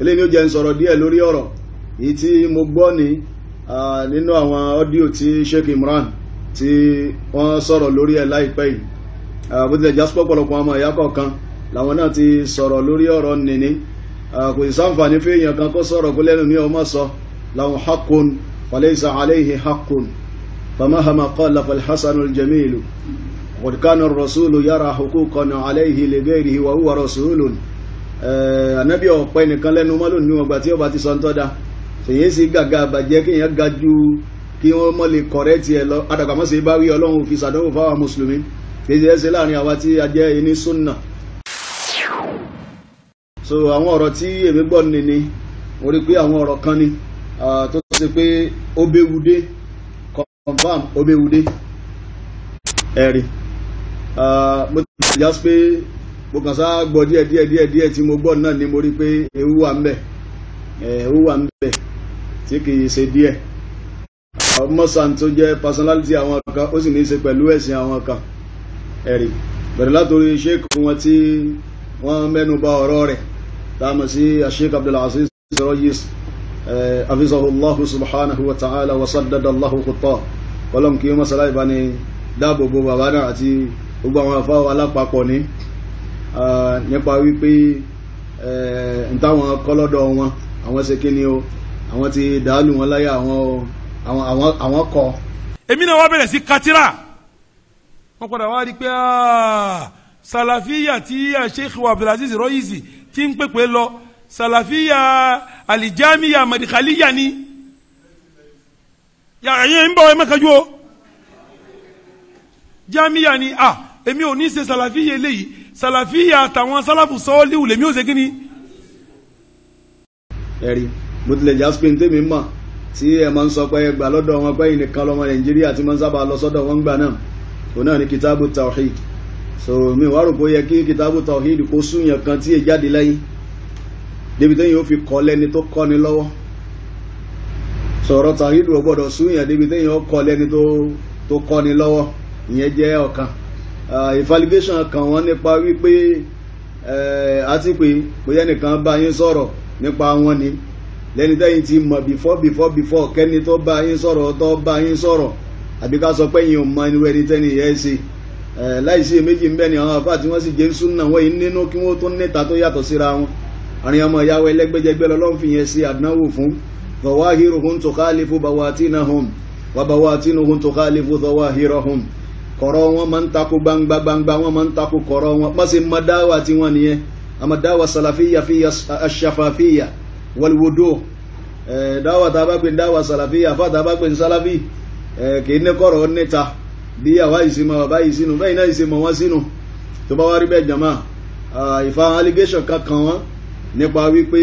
eléyìí ni ó jẹ́ ń sọ̀rọ̀ díẹ̀ lórí ọ̀rọ̀ èyí tí mo gbọ́ ni nínú àwọn ọ́díò tí Sheikh Imran tí wọ́n sọ̀rọ̀ lórí ẹ̀ láìpẹ́ yìí bó tilẹ̀ já sọ́pọ̀ pọ̀lọpọ̀ ọmọ ìyá kọ̀ọ̀kan làwọn náà ti sọ̀rọ̀ lórí ọ̀rọ̀ nìní kò sì sáǹfààní fún èèyàn kan kó sọ̀rọ̀ kó lẹ́nu mi ò má sọ lahum haqqun falaysa alayhi haqqun famahama qala falhasanul jamilu qad kana ar-rasulu yara huquqan alayhi li ghayrihi wa huwa Eh, ànábì ọ̀pẹ nìkan lẹ́nu mọ́ lónìí ọgbà tí ọba ti sọ ń tọ́da ṣèyí sí gàgà àbàjẹ́ kéèyàn ga ju kí wọ́n mọ́ lè kọ̀rẹ́ tiẹ̀ lọ adàgbàmọ́ sí bá wí ọlọ́run òfin ṣàdánwò fáwọn mùsùlùmí kì í ṣe ẹsẹ̀ láàrin àwa tí a jẹ́ ẹni súnà. so àwọn ọ̀rọ̀ tí èmi gbọ́ ni ni mo rí pé àwọn ọ̀rọ̀ kan ni tó ṣe pé obewude confam obewude ẹ̀rí mo ti jà pé mo kàn sá gbọ́ díẹ̀ díẹ̀ díẹ̀ díẹ̀ tí mo gbọ́ náà ni mo rí pé ewu wà ń bẹ ewu wà ń bẹ tí kì í ṣe díẹ̀ mọ́sàn tó jẹ́ personality àwọn kan ó sì ní í ṣe pẹ̀lú ẹ̀sìn àwọn kan ẹ̀rí bẹ̀rẹ̀ látòrí sheik wọn tí wọ́n mẹ́nu bà ọ̀rọ̀ rẹ̀ tá a mọ̀ sí sheik abdulaziz rọ́yìs afisahullahu subhanahu wa ta'ala wa saddadallahu kutọ́ kọlọ́m kí wọ́n sọ láì bá ní dáàbòbò bàbá náà àti gbogbo àwọn afáwọ́ alápapọ̀ ní Ah, nípa wípé eh, ntáwọn kọ́lọ́dọ̀ wọn àwọn ṣe kíni o àwọn ti dàálù wọn láyé àwọn àwọn kọ. èmi náà wá bẹ̀rẹ̀ sí katira wọ́n padà wá rí i pé ah, sàlàfíà tí sheikh abdulaziz rọ́yìsì ti ń pèpè lọ sàlàfíà alijamiya madikaliya ni yàrá yẹn ń bọ̀ ẹ mẹ́kàjú o jamiya ni ah èmi ò ní ṣe sàlàfíà eléyìí sàlàfíà àtàwọn sálàfù sọ́ọ́líwù lèmi ò ṣe ni. ẹ̀rí mo tilẹ̀ jà spain tèmi mọ̀ tí ẹ máa ń sọ pé ẹ gbà lọ́dọ̀ wọn pé ìnìkan lọ́mọ nàìjíríà tí máa ń sábà lọ sọ́dọ̀ wọn gbà náà òun náà ni kitabu tawhid so mi wá rò pé ó yẹ kí kitabu tawhid kó súnyàn kan tí ẹ jáde lẹ́yìn débi téyìn ó fi kọ́ lẹ́ni tó kọ́ ni lọ́wọ́ sọ̀rọ̀ tawhid ò gbọ́dọ̀ súnyàn débi téyìn ó kọ́ lẹ́ni tó kọ́ ni lọ́wọ́ ìyẹn jẹ́ ọ̀kan ìfàlígẹ́sàn ah, kan wọ́n nípa wípé àti eh, pé bóyá nìkan bá yín sọ̀rọ̀ nípa wọn ni lẹ́ni tẹ́yìn ti mọ̀ before before before kẹ́ni tó bá yín sọ̀rọ̀ tó bá yín sọ̀rọ̀ àbí ká sọ pé yín ò mọ irú ẹni tẹ́ni yẹn ṣe eh, láìsí méjì ń bẹ ni àwọn àfáà tí wọ́n sì jẹ́ súnà wọ́n yìí nínú kí wọ́n tó níta tó yàtọ̀ síra wọn àrin ọmọ ìyàwó ẹlẹ́gbẹ́jẹgbẹ́ lọ́lọ́run fi yẹn sí àdánwò fún zawahiruhum tukhalifu bawatinahum wa bawatinahum tukhalifu zawahiruhum kọ̀rọ̀ wọn máa ń takò gbangba gbangba wọn máa ń takò kọ̀rọ̀ wọn má ṣe mọ dáwà tí wọ́n nìyẹn àmọ́ dáwà sàlàfíyà fi aṣàfàfíyà wọlúwodò dáwà tá a bá pè dáwà sàlàfíyà fà tá a bá pè sàlàfí kì í ní kọ̀rọ̀ níta bí àwa ìsinmi bàbá yìí sínú bẹ́ẹ̀ náà ìsinmi wọn sínú tó bá wá rí bẹ́ẹ̀ jàmá ìfa allegation kankan wọn nípa wípé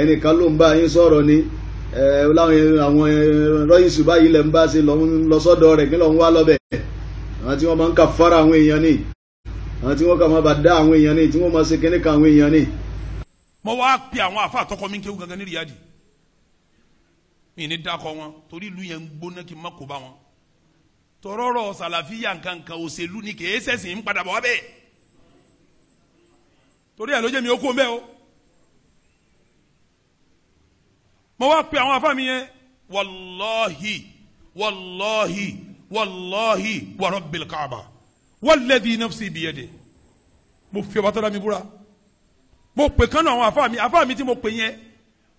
ẹnìkan ló ń bá yín sọ̀rọ̀ ni láwọn àwọn rọ́yìn ṣùgbọ́n ilẹ̀ ń bá ṣe lọ rẹ̀ kí lọ́n wá lọ́bẹ̀ àwọn tí wọ́n máa ń kà fara àwọn èèyàn ni àwọn tí wọ́n kà máa bà dá àwọn èèyàn ni tí wọ́n máa ṣe kíní ka àwọn èèyàn ni. mo wá pe àwọn àfa àtọkọ mi kéwù gangan ní riyadi mi ní dákọ wọn torí ìlú yẹn ń gbóná kí n má kó bá wọn tọrọrọ sàlàfíà nkankan òṣèlú ni kèé sẹsìn ń padà bọ wá bẹ́ẹ̀ torí ẹ ló mi ó kó mbẹ o mo wá pe àwọn àfa mi yẹn wàlọ́hì wàlọ́hì wàláhi wa rabbil kaaba walladhi nafsi biyade mo fi ọba tó dá mi búra mo pè kánú àwọn àfa mi àfa mi tí mo pè yẹn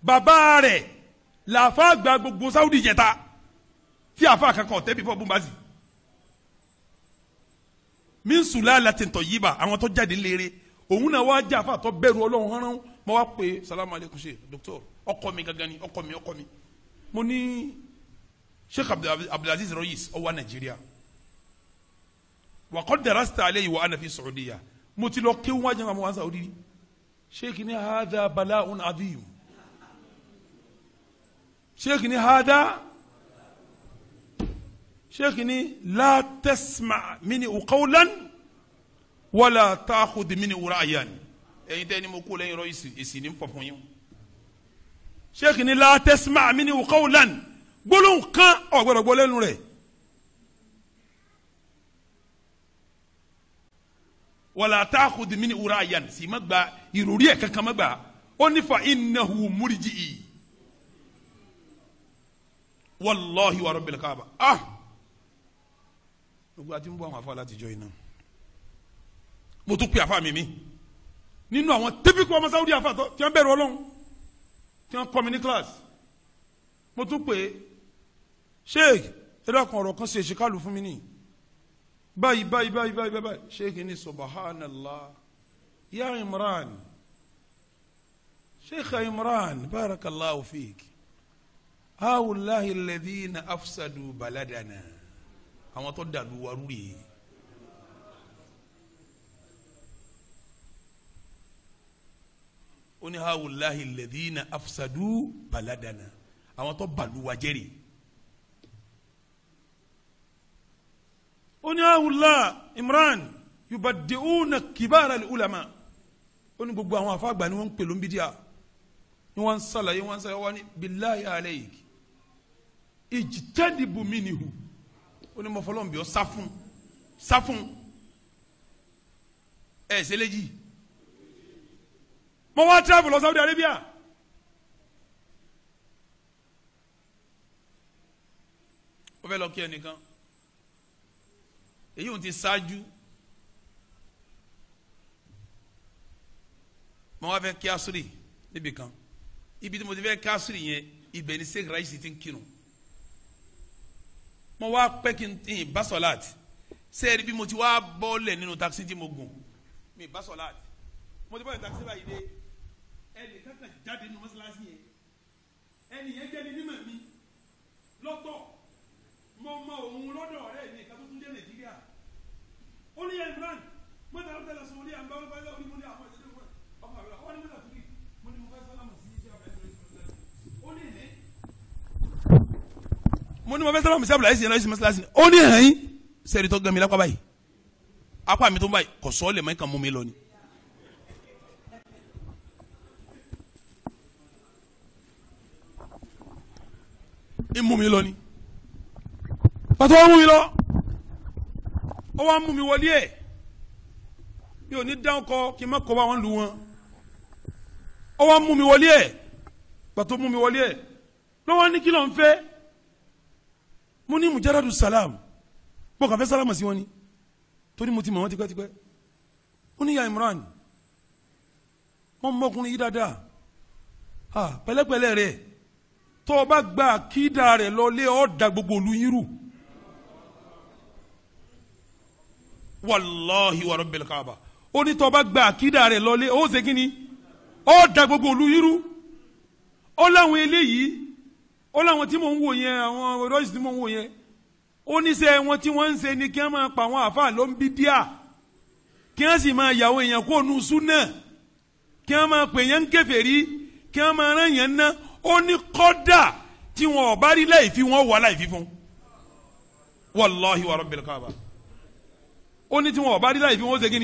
bàbá rẹ̀ làfa gba gbogbo sáwùdì jẹta tí àfa kankan ọ̀tẹ́ bí fọ́ bùnbazì min sulalati tayyiba àwọn tó jáde léere òun náà wá jẹ́ àfa tó bẹ̀rù ọlọ́run hánrán mo wá pè salamu alaykum ṣe doctor ọkọ mi gangan ni ọkọ mi ọkọ mi mo ní sheikh abdulaziz royis ọwọ́ nàìjíríà wàkọ́ darasta alẹ́ yìí wà ánàfi sọ̀rọ̀dìyà mo ti lọ kí wọ́n jẹ́ àwọn ansa òdìrí sheikh ni hada bala'un adhim sheikh ni hada sheikh ni la tasma mini qawlan wala ta'khudh mini ra'yan ẹ̀yin tẹ́ ni mo kú lẹ́yìn royis èsì ní pọ̀fún yín sheikh ni la tasma mini qawlan gbólóhùn kan ọ̀gbọ́dọ̀ gbọ́ lẹ́nu rẹ̀ wala ta'khudh min urayan sì má gba ìròrí ẹ̀ kankan má gba ó ní fa innahu murji'i wallahi wa rabbil kaaba ah gbogbo àti ń bọ àwọn afọ aláàtijọ yìí náà mo tún pe àfa mi mi nínú àwọn típíkù ọmọ sáwùdí àfa tó tí wọn bẹ̀rù Ọlọ́run tí wọn kọ́ mi ní kíláàsì mo tún pè é sheik ẹ̀dàkùn ọ̀rọ̀ kan ṣe ìṣèkálù fún mi ní báyìí báyìí báyìí báyìí báyìí sheik ní subhanallah ya imran sheik imran barakallahu fiik hawulahi alladhina afsadu baladana àwọn tó dàlú warú rèé. oni hawulahi alladhina afsadu baladana àwọn tó bàlú wa jẹ́rìí. ó ní awùlá Imran yubaddi'una kibara ulama ó ní gbogbo àwọn afáàgbà ni wọ́n ń pè ló ń bí díà ni wọ́n ń sàlàyé wọ́n ń sàlàyé wọ́n ní billahi alayk ijtanibu minhu ó ní mọ̀fọ́lọ́mùbí ọ sáfún sáfún ẹ̀ ṣẹlẹ́jì mo wá travel lọ Saudi Arabia. ó fẹ́ lọ kí ẹnìkan èyí wọn ti ṣáájú mo wá fẹ́ kí asúrì níbi kan ibi tí mo ti fẹ́ kí asúrì yẹn ibẹ̀ ni sheikh raisi ti ń kírun mo wá pẹ́ kí n tìyìn basọ́láàtì sẹ́ẹ̀rì bí mo ti wá bọ́ọ̀lẹ̀ nínú takisí tí mo gùn mi basolat. mo ti bọ́ọ̀lẹ̀ takisí báyìí dé ẹnì kankan jáde nínú mọ́sálásí yẹn ẹnì yẹn jẹ́ ni mímọ̀ mi lọ́tọ̀ mo mọ òun lọ́dọ̀ ọ̀rẹ́ mi kan ó ní Imran mọ́tà ó tẹ̀lé sọ̀rọ̀ ní àgbà ó bá ní mo ní àwọn ìṣẹ̀lẹ̀ fún ẹ̀ ọmọ àgbà ó ní mọ́tà tó kì mo ní mo fẹ́ sálámà sí iṣẹ́ àbẹ̀ ó ní ilé mo ní mo fẹ́ sálámà sí àbẹ̀ láìsí ẹ̀rọ mọ́sálásí ó ní ẹ̀yìn sẹ́ẹ̀rì tó gan mi lápá báyìí apá mi tó báyìí kò sọ́ọ́ lè mọ́ ìkànnì mú mi lọ ni. imú mi lọ ni pàtó wọn mú mi lọ ó wá mú mi wọlé ẹ̀ mi ò ní dáhùn kọ kí n má kọ́ bá wọn lu wọn ó wá mú mi wọlé ẹ̀ pàtó mú mi wọlé ẹ̀ lọ́wọ́ ní kí ló ń fẹ́ mo ní mujaradu salam bó kàfẹ́ sálámà sí wọn ni torí mo ti mọ̀ wọ́n tipẹ́tipẹ́ ó ní ya Imran wọ́n mọ́kùnrin yìí dáadáa ah, pẹ̀lẹ́pẹ̀lẹ́ rẹ̀ tó o bá gba kídà rẹ̀ lọ lé ọ́ da gbogbo olú yín wàláhi wà rabbil kaaba ó ní tó bá gba àkídà rẹ̀ lọlé ó ṣe kí ni ó da gbogbo òlu irú ó láwọn eléyìí ó láwọn tí mò ń wò yẹn àwọn rọ́ọ̀sì tí mò ń wò yẹn ó níṣẹ́ wọn tí wọ́n ń ṣe ni kí wọ́n máa pa àwọn àfa ló ń bí díà kí wọ́n sì máa yàwó èèyàn kó nu súnà kí wọ́n máa pè yẹn ń kèfèrí kí wọ́n máa rán yẹn ná ó ní kọ́dà tí wọn ò bá rí láì fi wọn wà láì fi fún wàláhi wà rabbil kaaba ó ní tí wọn ọba rí láì fi wọn ṣe kí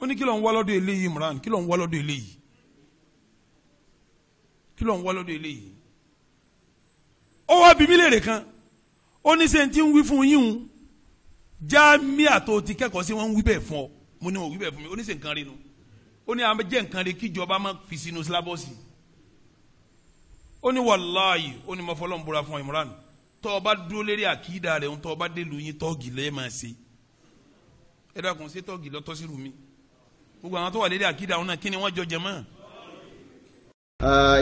ó ní kí ló ń wá lọ́dọ̀ eléyìí Imran kí ló ń wá lọ́dọ̀ eléyìí kí ló ń wá lọ́dọ̀ eléyìí ó wá bí mílèrè kan ó ní sẹ́ni tí ń wí fún yín un jámíà tó ti kẹ́kọ̀ọ́ sí wọ́n ń wí bẹ́ẹ̀ fún ọ mo ní wọn wí bẹ́ẹ̀ fún mi ó ní sẹ́ nǹkan rí nu ó ní àwọn jẹ́ nǹkan rí kíjọba má fi sínú sílábọ́ọ̀sì ó ní wàláyé ó ní mo fọlọ́n búra fún Imran tọ́ ọ bá dúró lérí àkídà rẹ̀ ń tọ́ ọ ẹ dàkún ṣé tọ́ọ̀gì lọ́tọ́ sí rumi gbogbo àwọn tó wà lédè àkídà àwọn náà kí ni wọ́n jọ jẹ mọ́.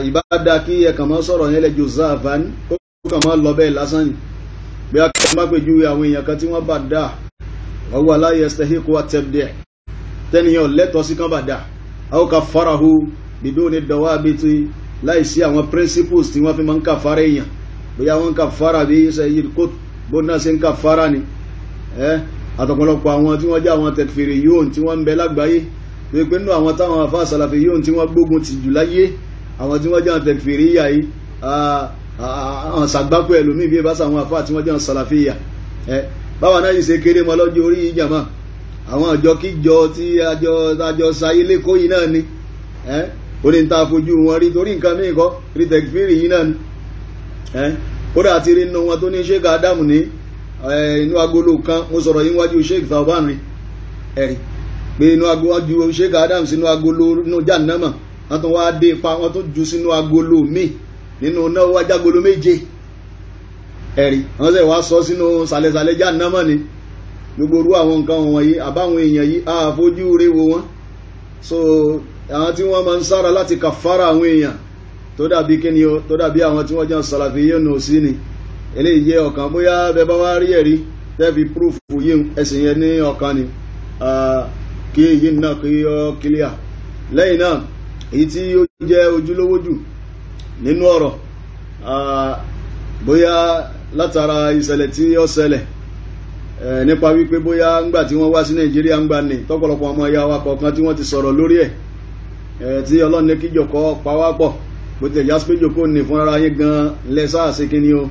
ìbáda kí ẹ̀kàn mọ́ sọ̀rọ̀ yẹn lẹ́jọ́ záfán ó kàn mọ́ lọ bẹ́ẹ̀ lásán ni bí akẹ́kọ̀ọ́ bá pèjú àwọn èèyàn kan tí wọ́n bá dà ọwọ́ aláyẹ stahiko atẹ́bdẹ́ tẹ́niyàn lẹ́tọ̀ọ́ sí kan bá dà àwọn kan farahu bidó ni dọ̀wọ́ abẹ́tí láìsí àwọn principles tí wọ́n fi máa ń kà fara èèyàn bóyá wọ́n ń kà fara bí sẹ́yìn kó bó náà ṣe ń kà fara ni àtọ̀pọ̀lọpọ̀ àwọn tí wọ́n jẹ́ àwọn tẹ̀fèrè yóò tí wọ́n ń bẹ lágbàáyé tó pé nínú àwọn táwọn afá sàlàfì yóò tí wọ́n gbógun ti jù láyé àwọn tí wọ́n jẹ́ àwọn tẹ̀fèrè yà yìí àwọn sàgbákò ẹlòmíì bí bá sàwọn afá tí wọ́n jẹ́ àwọn sàlàfì yà ẹ báwa náà yìí ṣe kéré mọ́ lọ́jọ́ orí yìí jàmá àwọn àjọ tí àjọ àjọ sayé lẹ́kọ́ inú agolo kan mo sọ̀rọ̀ yín wájú sheik thaoban rí ẹ̀rí pé inú agolo sheik adams inú agolo inú jàǹdàmà wọ́n tún wá dé ipa wọ́n tún jù sínú agolo míì nínú náà wájú agolo méje ẹ̀rí wọ́n sì wá sọ sínú sàlẹ̀sàlẹ̀ jàǹdàmà ni gbogbo orú àwọn nǹkan wọ̀nyí àbáwọn èèyàn yìí àfojú rè wò wọ́n so àwọn tí wọ́n máa ń sára láti kàfàrà àwọn èèyàn tó dàbí kíni o tó dàbí àwọn tí wọ́n jẹ́ sàlàfíyé nù sí ni eléyìí jẹ́ ọ̀kan bóyá bẹ́ẹ̀ bá wá rí ẹ̀rí tẹ́ẹ̀fì púrúfù yìí ẹ̀sìn yẹn ní ọ̀kan ni kí èyí náà kí ó kílíà lẹ́yìn náà èyí tí ó jẹ́ ojúlówó jù nínú ọ̀rọ̀ bóyá látara ìṣẹ̀lẹ̀ tí ó ṣẹlẹ̀ nípa wípé bóyá ńgbà tí wọ́n wá sí nàìjíríà ńgbà ni tọ́pọ̀lọpọ̀ ọmọ ìyá wa kọ̀ọ̀kan tí wọ́n ti sọ̀rọ̀ lórí ẹ̀ tí ọlọ́run ní kíjọkọ́ pawápọ̀ bó tilẹ̀ jásípéjò ní fúnra yín gan lẹ́sàá sí o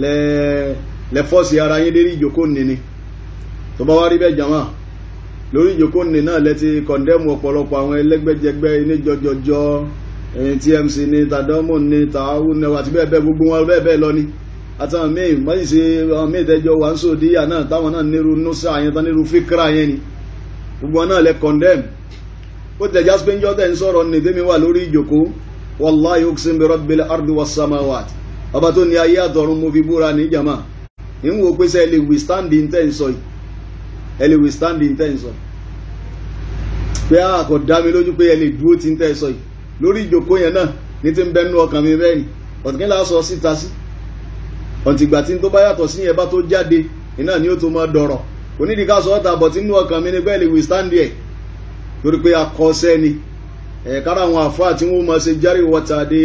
lẹ́fọ́sí ara yín lérí ìjókòó nì ni tó bá wá rí bẹ́ẹ̀ jàmá lórí ìjókòó nì náà lẹ́ti kọ̀ndẹ́mù ọ̀pọ̀lọpọ̀ àwọn ẹlẹ́gbẹ́jẹgbẹ́ iné jọjọjọ TMC ni tàdánmù ni tààwù ni àti bẹ́ẹ̀ bẹ́ẹ̀ gbogbo wọn bẹ́ẹ̀ bẹ́ẹ̀ lọ ni àtàwọn míì mọ́yì sí àwọn míì tẹ́jọ wà ń sò díyà náà táwọn náà nírú núsà yẹn tán nírú fíkra yẹn ni gbogbo wọn náà lẹ kọ̀ndẹ́mù ó tẹ̀ jáspenjọ́ tẹ̀ ń sọ̀rọ̀ nìdémi wà lórí ìjókòó wallahi uqsim bi rabbil ardi was samawati ọba tó ní ayé àtọ̀run mo fi búra ní jama ń wo pé sẹ́ ẹ lè withstand intense yìí ẹ lè withstand intense yìí pé a ah, kò dá mi lójú pé ẹ lè dúró tí ń tẹ́ sọ yìí lórí ìjòkó yẹn náà ní ti ń bẹnu ọkàn mi bẹ́ẹ̀ ni ọ̀tíkí là sọ síta sí ọ̀tìgbà tí n tó bá yàtọ̀ sí yẹn bá tó jáde iná ni ó tó máa dọ̀rọ̀ onídìí sọ ọ́ tàbọ̀ tí ọkàn mi ni bẹ́ẹ̀ lè withstand ẹ̀ lórí pé akọ́ṣẹ́ ni ẹ̀ kára àwọn àfáà tí wọ́n máa ṣe járe wọ́tàdé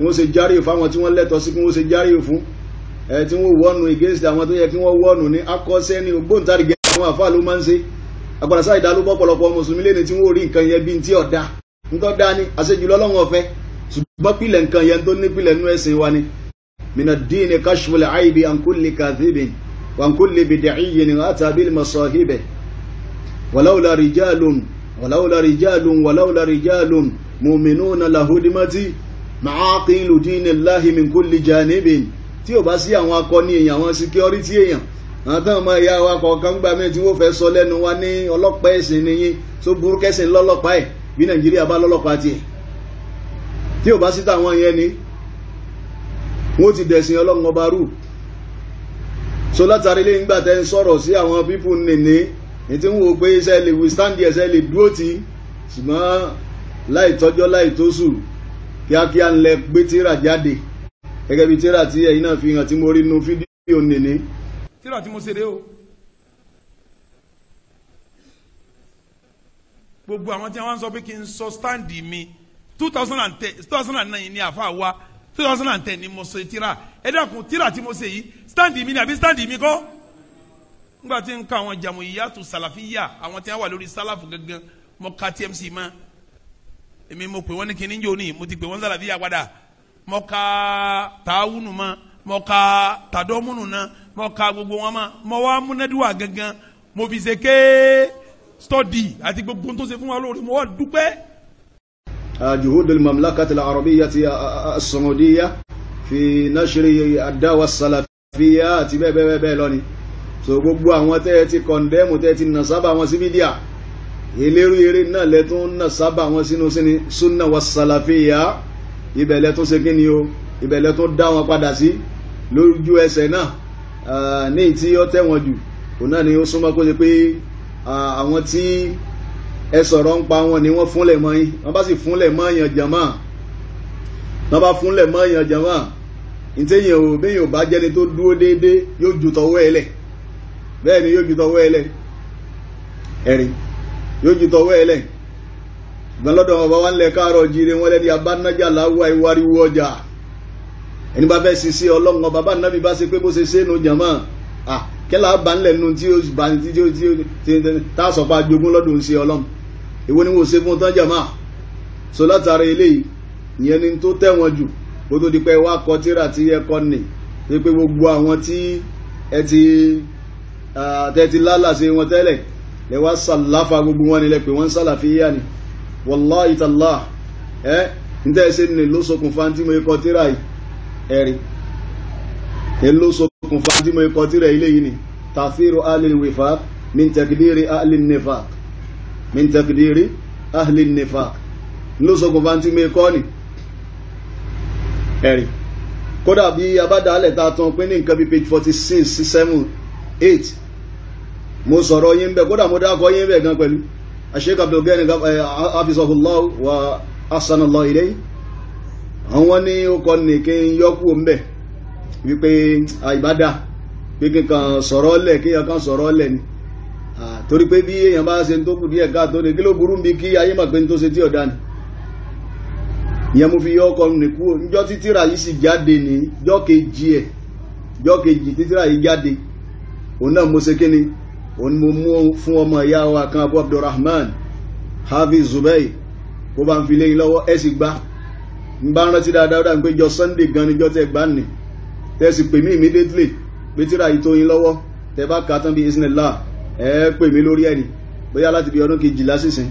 wọ́n ṣe járe fáwọn tí wọ́n lẹ́tọ̀ọ́ sí kí wọ́n ṣe járe fún ẹ tí wọ́n wọ́nu against àwọn tó yẹ kí wọ́n wọ́nu ní akọ́ṣẹ́ ní ògbóǹtarìgẹ́ àwọn àfáà ló máa ń ṣe agbára sáà ìdálóbọ̀ ọ̀pọ̀lọpọ̀ mùsùlùmí lẹ́ni tí wọ́n rí nǹkan yẹn bí ti ọ̀dà ńtọ́ dá ní àṣejùlọ ọlọ́run ọ̀fẹ́ ṣùgbọ́n pìlẹ̀ nǹkan yẹn tó ní pìlẹ̀ nú ẹ̀sìn wa ni mina díìnì kashful aibi an kulli kadhibin wa an kulli bid'iyyin ata bil masahibi walaula rijalun walaula rijalun walaula rijalun mu'minuna lahudimati ma'aqilu dinillahi min kulli janibin tí ò bá sí àwọn akọni èèyàn àwọn security èèyàn àwọn táwọn ọmọ ìyá wa kọ̀ọ̀kan gbà mí tí wọ́n fẹ́ sọ lẹ́nu wa ní ọlọ́pàá ẹ̀sìn nìyí tó burú kẹ́sìn lọ́lọ́pàá ẹ̀ bí nàìjíríà bá lọ́lọ́pàá tiẹ̀ tí ò bá sí táwọn yẹn ni wọ́n ti dẹ̀sìn ọlọ́run ọba rú so látàrí lẹ́yìn gbà tẹ́ ń sọ̀rọ̀ sí àwọn pípù nìní ní tí ń wò iṣẹ́ lè withstand ẹ̀ṣẹ́ lè dúró ti ṣùgbọ́n láì tọ́jọ́ láì tó sùúrù kíákíá ń lẹ gbé tíra jáde gẹ́gẹ́ bí tíra tí ẹ̀yin náà fi hàn tí mo rí nu fídíò nìní. tíra tí mo ṣe dé o gbogbo àwọn tí wọ́n sọ pé kí n sọ stáǹdì mi two thousand and ten two thousand and nine ni àfa wa two thousand and ten ni mo ṣe tíra ẹ dákun tíra tí mo ṣe yìí stáǹdì mi ni àbí stáǹdì mi kọ́ nígbà tí n ka àwọn jàmù ìyàtú sàlàfíyà àwọn tí wọ́n wà lórí sálàfù gangan mo ka tmc mọ́ èmi mo pè wọ́n ní kinní jò ní mo ti pè wọ́n sàlàfíà padà mo ka tààwùnù ma mo ka tàdọ́mùnù na mo ka gbogbo wọn ma mo wá múnádùá gangan mo fi ṣe ké stọdì àti gbogbo tó ṣe fún wa lórí mo wá dúpẹ́. جهود المملكة العربية السعودية في نشر الدعوة السلفية àti bẹ́ẹ̀ bẹ́ẹ̀ bẹ́ẹ̀ lọ ni so gbogbo àwọn tẹ́ ẹ ti kọ̀ndẹ́mù tẹ́ ti nà sábà wọn elérú eré náà lẹ́tún náà sábà wọn sínú síni súnà wa sàlàfíà ibẹ̀ lẹ́tún ṣe kíni o ibẹ̀ lẹ́tún dá wọn padà sí lójú ẹsẹ̀ náà ní ìtí ó tẹ̀wọ̀n jù òun náà ni ó súnmọ́ kó ṣe pé àwọn tí ẹ sọ̀rọ̀ ń pa wọn ni wọ́n fúnlẹ̀ mọ́ yín wọ́n bá sì fúnlẹ̀ mọ́ yàn jàmá wọ́n bá fúnlẹ̀ mọ́ yàn jàmá ntẹ́yìn o bẹ́yìn ò bá jẹ́ni tó dúró déédéé yóò ju tọwọ́ ẹ lẹ̀ bẹ́ẹ̀ ni yóò ju tọwọ́ ẹ lẹ̀ ẹ̀rìn yóò jù tọwọ́ ẹlẹ̀ ṣùgbọ́n lọ́dọ̀ ọba wa ń lẹ káàárọ̀ jíire wọn lẹ́ni abánájà láwùwá ìwáriwú ọjà ẹni bá fẹ́ sisi ọlọ́run ọba bá nàbí bá ṣe pé bó ṣe sẹ́nu jàmọ́ à kẹ́lá bá ń lẹ̀ nu tí ó bá ń tí ó tí tá a sọ pa jogún lọ́dún ṣe ọlọ́run èwo ni wò ṣe fún tán jàmọ́ so látara eléyìí ìyẹn ni tó tẹ̀wọ̀n jù kó tó di pé wá kọ tíra tí ẹ kọ nì pé gbogbo àwọn tí ẹ ti tẹ́tí wọn tẹ́lẹ̀ lẹ́wà sàláfà gbogbo wọn nílẹ̀ pé wọ́n sàlàfíyà ni wallahi tallahi ẹ́ níta ẹsẹ̀ ni ló ṣokùnfà tí mo kọ tíra yìí ẹ̀rí ló ṣokùnfà tí mo kọ tíra ilé yìí ni tàfírò alil wifaq min takdiri alil nifaq min takdiri alil nifaq ló ṣokùnfà tí mo kọ́ ni ẹ̀rí kódà bí abádàálẹ̀ ta tán pé ní nǹkan bíi page forty six seven eight mo sọ̀rọ̀ yín bẹ́ẹ̀ kódà mo dákọ̀ yín bẹ́ẹ̀ gan pẹ̀lú Sheikh Abdulgani eh, hafizahullah wa ahsanallahu ilayhi àwọn ní ní kí n yọ́kù mbẹ̀ wípé àìbádà pé sọ̀rọ̀ lẹ̀ kí sọ̀rọ̀ lẹ̀ ni torí pé bí èèyàn bá ṣe tó kù díẹ̀ káàtó ni pé tó ṣe tí ọ̀dà ni ìyẹn mo fi yọ ọkọ mi kú níjọ́ tí tírà yìí sì jáde ní jọ́ kejì ẹ̀ jọ́ kejì yìí jáde òun náà mo òun mo mú fún ọmọ ìyá wa kan abu abdulrahman hafiz zubair kó bá ń fi léyìn lọ́wọ́ ẹ sì gbá ń bá rántí dáadáa dáa pé jọ sunday gan ni jọ tẹ gbá nì tẹ sì pè mí immediately pé tíra yìí tó yín lọ́wọ́ tẹ bá kà á tán bí isnillah ẹ pè mí lórí ẹni bóyá láti bí ọdún kejìlá sísìn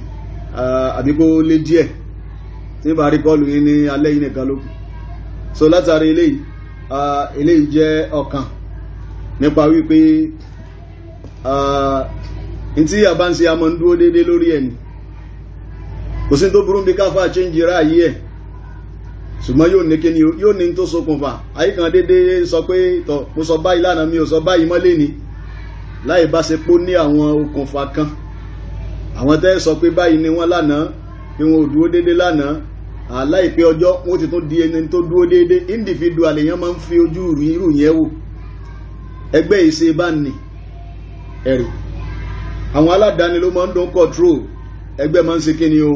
àbí kó lé díẹ̀ tí bá rí kọlù yín ní alẹ́ yìí nìkan ló kù so látàrí eléyìí eléyìí jẹ́ ọ̀kan nípa wípé ntí àbá ń a máa ń dúró déédéé lórí ẹ̀ ni kò sí tó burú bí káfà change ra yìí ẹ̀ ṣùgbọ́n yóò ní kíni yóò ní tó ṣokùnfà ayé kan déédéé sọ pé tọ̀ mo sọ báyìí lánàá mi ò sọ báyìí mọ́lé ni láì bá ṣe pó ní àwọn okùnfà kan àwọn tẹ́ sọ pé báyìí ni wọ́n lánàá pé wọn ò dúró déédéé lánàá àláìpé ọjọ́ wọ́n ti tún di ẹni tó dúró déédéé individual èèyàn máa ń fi ojú irú yẹn wò ẹgbẹ́ ìṣe bá nì ẹ̀rì àwọn aládàáni ló máa ń dún control ẹgbẹ́ máa ń se kíni o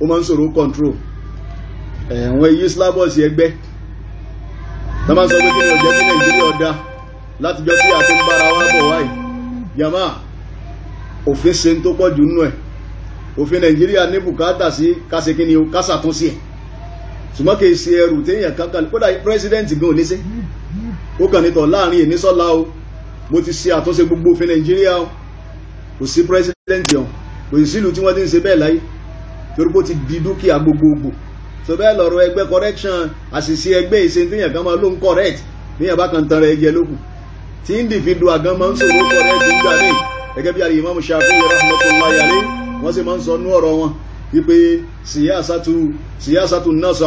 ó máa ń sọ̀rọ̀ control àwọn èyí slavos ẹgbẹ́ tó máa ń sọ pé kíni ọ̀jẹ́ sí nàìjíríà ọ̀dà láti jọ sí àti ń bára wa bọ̀ wáyìí yàmá òfin se ń tó pọ̀ jù nínú ẹ̀ òfin nàìjíríà ní sí kásẹ̀ kíni o kásàtúnṣe ẹ̀ ṣùgbọ́n kì í ṣe ẹrù téèyàn kankan kódà pírẹsidẹ́ǹtì gan ò ní sí ó kàn o mo ti ṣe àtúnṣe gbogbo òfin nàìjíríà o kò sí pírẹsidẹ́ǹtì ọ̀hún kò sí sílùú tí wọ́n ti ń ṣe bẹ́ẹ̀ láyé torí pé ó ti di dúkìá gbogbogbò so bẹ́ẹ̀ lọ́rọ̀ ẹgbẹ́ correction àṣìṣe ẹgbẹ́ ìṣe téèyàn kan máa ló ń correct téèyàn bá kan tan ara ẹjẹ lókun tí individual gan máa ń sọ̀rọ̀ correct nígbà míì gẹ́gẹ́ bí àlèyé mọ́mú ṣàfihàn rahmatullahi alayhi wọ́n sì máa ń sọ nú ọ̀rọ̀ wọn wípé síyásátù síyásátù náà sọ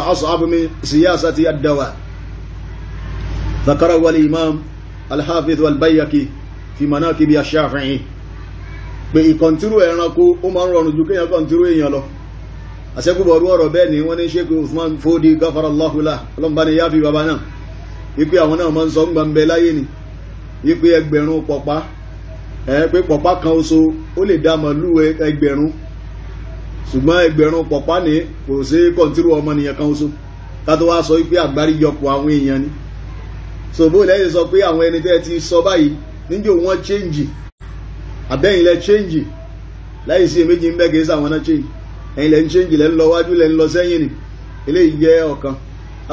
alhafiz albayaki fi manaqibi ash-shafi'i pé ìkọ̀ntírò ẹranko ó máa ń rọrùn ju kéèyàn kọ̀ntírò èèyàn lọ àṣẹ́kùbọ̀rú ọ̀rọ̀ bẹ́ẹ̀ ni wọ́n ní ṣékù Usman Fódí gáfarallahu lahu ọlọ́mbà ni yáfi bàbá náà wípé àwọn náà máa ń sọ ń gbàmbẹ láyé ni wípé ẹgbẹ̀rún pọ̀pá ẹ pé pọ̀pá kan oṣù ó lè dá màálù ẹgbẹ̀rún ṣùgbọ́n ẹgbẹ̀rún pọ̀pá ni kò sí kọ̀ntírò ọmọnìyàn kan oṣù ká tó wá sọ wípé àgbáríjọpọ̀ àwọn èèyàn ni so bó lẹ́yìn sọ pé àwọn ẹni tẹ́ ti sọ báyìí níjó wọ́n change àbẹ́yìn lẹ change láì sí èméjì ń bẹ́gẹ̀ẹ́ sáwọn náà change ẹ̀yìn lẹ́ ń change lẹ́ ń lọ wájú lẹ́ ń lọ sẹ́yìn ni eléyìí jẹ́ ọ̀kan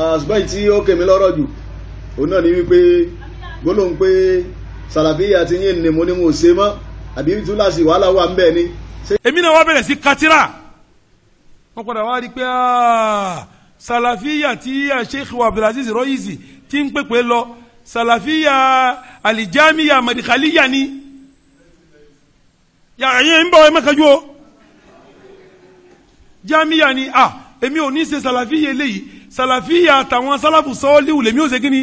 àṣùgbọ́n tí ó kèmí lọ́rọ̀ jù òun náà ni wípé gbólóhùn pé sàlàfíà ti yín ni mo ní mo ṣe mọ́ àbí túláàsì wàhálà wà ń bẹ̀ ni. èmi náà wá bẹ̀rẹ̀ sí katira wọ́n padà wá rí pé sàlàfíà tí Sheikh Abdulaziz Royisi tí ń pèpè lọ sàlàfíà àlìjámíà màdìkàlíyà ni yàrá yẹn ń bọ̀ ẹ mẹ́kàjú o jámíà ni a èmi ò ní ṣe sàlàfíà eléyìí sàlàfíà tàwọn sálàfù sọ́ọ́líwù lèmi ò ṣe kí ni.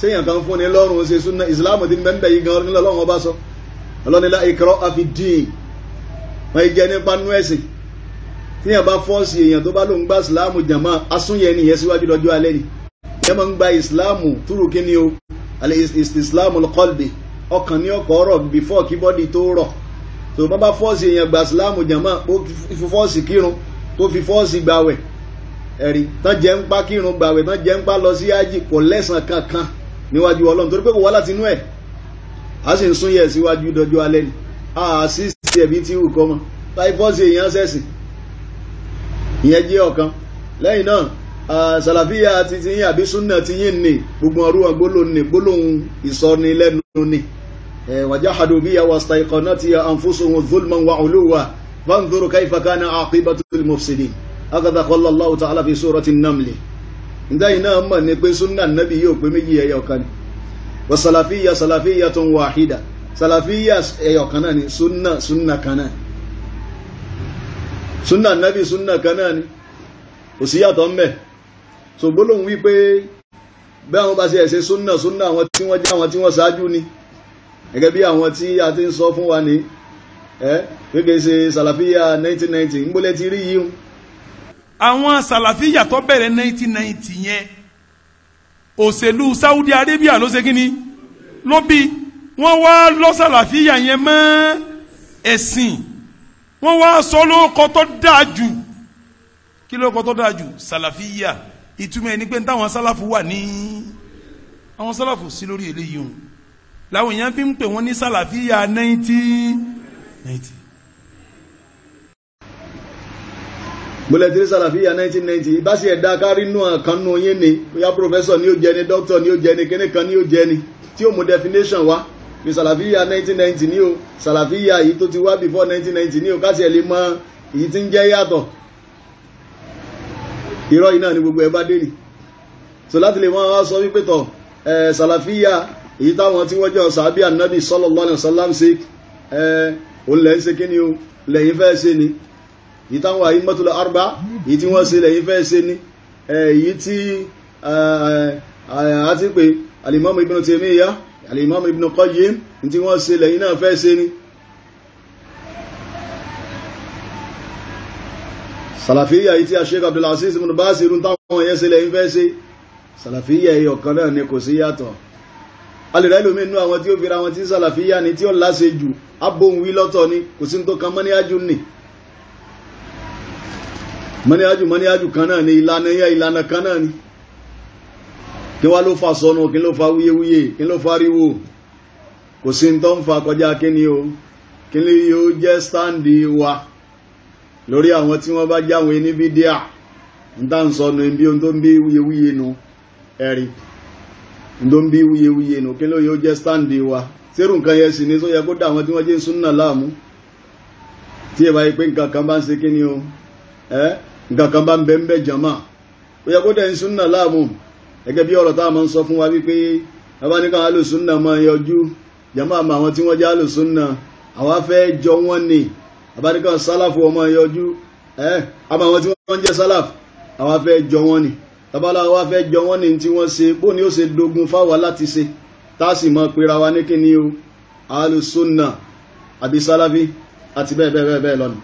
sẹ́yìn kan fún ni lọ́rùn ṣe súnà ìsìláàmù ti bẹ́ẹ̀ yìí gan-an nílò ọlọ́run ọba sọ ọlọ́run ilá ìkọ́rọ́ àfi dín wọ́n jẹ́ nípa nú ẹ̀sìn tíyàn bá fọ́ọ̀sì èèyàn tó bá lóun gbà ìsìláàmù jàmá asúnyẹn nìyẹn síwájú lọ́jọ́ alẹ́ ni èèyàn máa ń gba ìsìláàmù túrù kí ni o àlẹ́ ìsìláàmù lọ́kọ́lbì ọkàn ní ọkọ̀ ọ̀rọ̀ bífọ́ kí bọ́dì tó rọ̀ tó bá bá fọ́ọ̀sì èèyàn gba ìsìláàmù jàmá ó fi fọ́ọ̀sì kírun tó fi fọ́ọ̀sì gbàwẹ̀ ẹ̀rí tán jẹ́ ń pa kírun gbàwẹ̀ tán jẹ́ ń pa lọ sí ájì kò lẹ́sàn kankan níwájú ọlọ́run torí pé kò wá láti inú ẹ̀ a sì ń sún yẹ̀ síwájú dọjọ́ alẹ́ ni a sì sí ẹ̀bí tí wù kọ́ mọ́ táyì fọ́ọ̀sì èèyàn sẹ̀sìn ìyẹn jẹ́ ọ̀kan lẹ́yìn náà Ah, sàlàfíà àti tiyín àbí súnà tiyín ni gbogbo ọrú wọn gbólóhùn ni gbólóhùn ìsọni lẹ́nu ni wàjáhadù eh, bí yà wàstà ìkọ̀nà ti àǹfóṣòwò zulman wa olúwa fanzuru kaifa kana aqibatul mufsidin akadà qala Allahu ta'ala fi surati namli ǹdá iná mọ̀ ní pé súnà nàbí yóò pé méjì ẹyọ kan ni wà sàlàfíyà sàlàfíyà tó ń wàhídà sàlàfíyà ẹyọ kan náà ni súnà súnà kan náà ni súnà nàbí súnà kan náà ni kò síyàtọ̀ ń so gbólóhùn wípé bí àwọn bá ṣe ẹ̀ṣẹ̀ súnà súnà àwọn tí wọ́n jẹ́ àwọn tí wọ́n ṣáájú ni gẹ́gẹ́ bí àwọn tí a ti ń sọ fún wa ní ẹ́ gẹ́gẹ́ ṣe sàlàfíà 1990 ń gbólẹ̀ ti rí yìí àwọn sàlàfíà tó bẹ̀rẹ̀ 1990 yẹn òṣèlú Saudi Arabia ló ṣe kíni ló bí wọ́n wá lọ sàlàfíà yẹn mọ́ ẹ̀sìn wọ́n wá sọ lóko tó dáa jù kí lóko tó dáa jù sàlàfíà ìtumọ̀ ẹni pé táwọn sálàfù wà ní àwọn sálàfù sí lórí eléyìí o làwọn èèyàn fi ń pè wọ́n ní sálàfíà náìtì náìtì. gbọ́dọ̀ tí ní sàlàfíà 1990 bá sì ẹ̀dá kárí nù kan nù yín ni bóyá pòfẹ́sọ̀ ni ó jẹ ni dókítọ̀ ni ó jẹ ni kíní kan ni ó jẹ ni tí ó mú definition wá ní sàlàfíà 1990 ni o sàlàfíà yìí tó ti wá before 1990 ni o ká sì ẹ̀ lè mọ èyí tí ń jẹ́ yàtọ̀ irọ́ iná ni gbogbo ẹ bá délì so láti lè máa wá sọ wípé tọ̀ ẹ̀ sàlàfíà èyí táwọn tí wọ́n jẹ́ sàábí ànábì sallallahu alaihi wasallam ṣe ẹ̀ òun lẹ́yìn ṣe kíni o lẹ́yìn fẹ́ ṣe ni èyí táwọn àyí mọ́tòlá arba èyí tí wọ́n ṣe lẹ́yìn fẹ́ ṣe ni èyí tí a ti pè alimami ibn Taymiyyah alimami ibn Qayyim tí wọ́n ṣe lẹ́yìn náà fẹ́ ṣe ni sàlàfíyà yìí tí a Sheikh Abdul Aziz ibn Baz irun táwọn ẹ̀yẹ́ sílẹ̀ ń fẹ́ sí sàlàfíyà yìí ọ̀kan náà ni kò sí yàtọ̀ alìrẹ́ lómi inú àwọn tí ó fira wọn tí sàlàfíyà ni tí ó láṣẹ jù abóhùnwí lọ́tọ̀ ni kò sí tó kan mọ́níyájú nì mọ́níyájú mọ́níyájú kan náà ni ìlànà yẹn ìlànà kan náà ni kí wá ló fa sọnù kí ló fa wuyewuye kí ló fa riwo kò sí tó fa kọjá kí ni o kí ni yóò jẹ́ stáǹdì wa. lórí àwọn tí wọ́n bá jáwọn ní bídíà ń tá ń sọnù ibi ohun tó ń bí wuyewuye nu ẹ̀rí tó ń bí wuyewuye nu kí ló yóò jẹ́ stáǹdì wa sẹ́rù nǹkan yẹn sì ni tó yẹ kó dá àwọn tí wọ́n jẹ́ súnà láàmú tí ẹ bá pé nǹkan kan o ẹ nǹkan kan bá ń bẹ ń bẹ jàmá ó yẹ kó ń súnà láàmú gẹ́gẹ́ bí ọ̀rọ̀ táwọn máa ń sọ fún ni abáníkan sálàfù ọmọ yọjú ẹ́ àmọ́ àwọn tí wọ́n jẹ́ sálàfù àwa fẹ́ jọ wọ́n ni tabala wa fẹ́ jọ wọ́n ni tí wọ́n ṣe bó ni ó ṣe dogun fáwa láti ṣe tá a sì mọ pera wa ní kíni o alùsùnà àbí sálàfì àti bẹ́ẹ̀ bẹ́ẹ̀ bẹ́ẹ̀ lọ́nà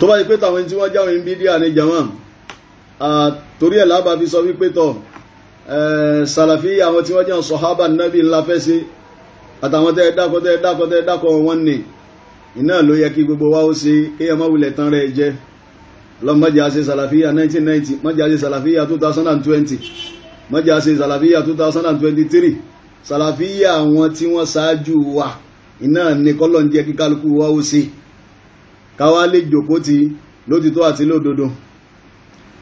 tó bá yí pé tàwọn tí wọ́n jáwé ń bí díà ní jamam torí ẹ̀ lábàá fi sọ wípé tọ̀ sàlàfí àwọn tí wọ́n jẹ́ sọ̀hábà nábì ńlá fẹ́ sí àtàwọn tẹ́ dákọ́ tẹ́ dákọ́ tẹ́ dákọ́ wọn ni iná ló yẹ kí gbogbo wa ó ṣe kí ọmọ wulẹ̀ tán rẹ̀ jẹ́ ọlọ́mọdé àṣẹ sàlàfíà 1990 mọ́dé àṣẹ sàlàfíà 2020 mọ́dé àṣẹ sàlàfíà 2023 sàlàfíà àwọn tí wọ́n ṣáájú wa iná ní kọ́lọ́n jẹ́ kí kálukú wa ó ṣe káwa lè jòkó ti lótìtọ́ àti lódodo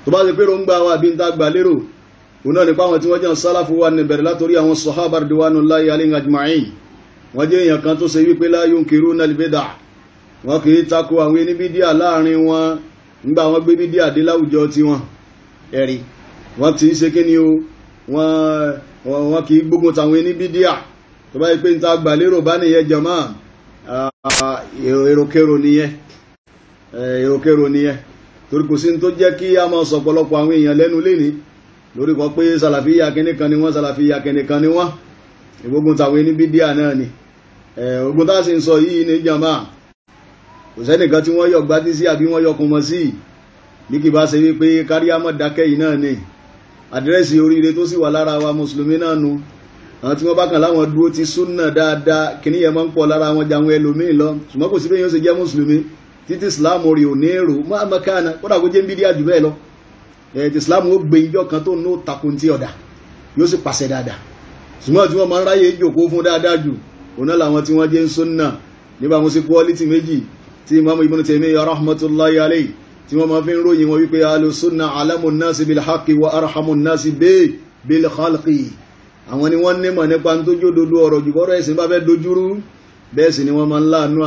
tó bá ṣe pé ròǹgbà wa àbí ń tá gbà lérò òun náà nípa àwọn tí wọ́n jẹ́ sálàfù wa níbẹ̀rẹ̀ látòrí àwọn sọ̀hábàrìdìwánu láyé alẹ́ wọ́n jẹ́ èèyàn kan tó ṣe wípé láyé ń kiri náà lébédà wọ́n kì í tako àwọn oníbídíà láàrin wọn nígbà wọ́n gbé bídíà dé láwùjọ tiwọn ẹ̀rí wọ́n ti ń ṣe kí ni o wọ́n kì í gbógun tàwọn oníbídíà tó bá yẹ pé níta gbà lérò bá nìyẹn jọmọ́ èròkèrò nìyẹn èròkèrò nìyẹn torí kò sí ní tó jẹ́ kí a máa sọ ọ̀pọ̀lọpọ̀ àwọn èèyàn lẹ́nu léni lórí kan pé sàlàfíyà kẹ́nìkan ni wọ́n sàlàfíyà kẹ́nìkan ni wọ́n ìgbógun tàwọn oníbídíà náà ni ogun tá a sì ń sọ yìí ní jàmbá kò sẹ́nìkan tí wọ́n yọ gbádí sí àbí wọ́n yọkun mọ́ sí bí kì bá ṣe wípé kárí dákẹ́ yìí náà ni àdírẹ́sì oríire tó sì wà lára wa mùsùlùmí náà nu àwọn tí wọ́n bá kàn láwọn dúró ti súnà dáadáa kìíní yẹn máa ń pọ̀ lára wọn jàwọn ẹlòmíín lọ ṣùgbọ́n kò sí bẹ́ẹ̀ yóò ṣe jẹ́ mùsùlùmí títí islam rí ò ní èrò máa mọ káàna kódà kó jẹ́ ń bí díà jù bẹ́ẹ̀ lọ ẹ̀ẹ́dì islam ó gbé ijọ́ kan tó ń nó takun ọ̀dà yóò sì pàṣẹ dáadáa ṣùgbọ́n tí wọ́n máa ń ráyè ìjòkó fún dáadáa jù ọ̀nà làwọn tí wọ́n jẹ́ ń súnnà nígbà mú sí kúọ́lítì méjì tí Imam Ibn Taymiyyah rahmatullahi alayhi tí wọ́n ma fi ń ròyìn wọn wípé alùsúnnà alamun nasi bil haqqi wa arhamun nasi bẹ́ẹ̀ bil khalqi àwọn ni wọ́n nímọ̀ nípa tó jó dodo ọ̀rọ̀ jùbọ́rọ̀ ẹ̀sìn bá fẹ́ dojúrú bẹ́ẹ̀ sì ni wọ́n ma ń láàánú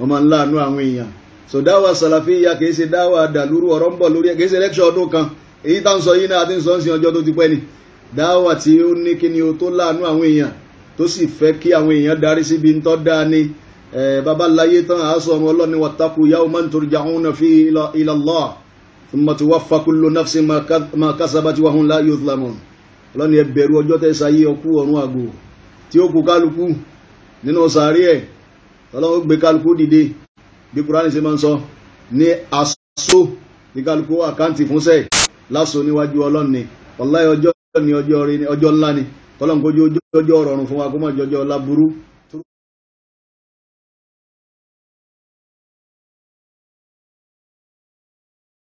àwọn èèyàn so dáwà sàlàfíyà kìí ṣe dáwà dàlúrú ọ̀rọ̀ ń bọ̀ lórí kìí ṣe lẹ́kṣọ̀ ọdún kan èyí tá ń sọ yìí náà àti ń sọ ń sin ọjọ́ tó ti pẹ́ ni dáwà tí ó ní kí ni o tó láàánú àwọn èèyàn tó sì fẹ́ kí àwọn èèyàn darí síbi ń tọ́ dáa ni bàbá láyé tán àá sọ ọmọ ọlọ́ni wattaqu yawman turja'una fi ila Allah thumma tuwaffa kullu nafsin ma kasabat wa hum la yuzlamun ọlọ́ni ẹ bẹ̀rù ọjọ́ tẹ́ sáyé ọkú ọ̀run àgbò tí ó kú kálukú nínú sàárì ẹ̀ ọlọ́run gbé kálukú dìde bí kúránì ṣe máa ń sọ ní aṣọ ní kálukú àkáǹtì fúnṣẹ́ lásọ níwájú ọlọ́ni wallahi ọjọ́ ńlá ni kọ́lọ́n kó jọjọ́ rọrùn fún wa kó má jọjọ́ láburú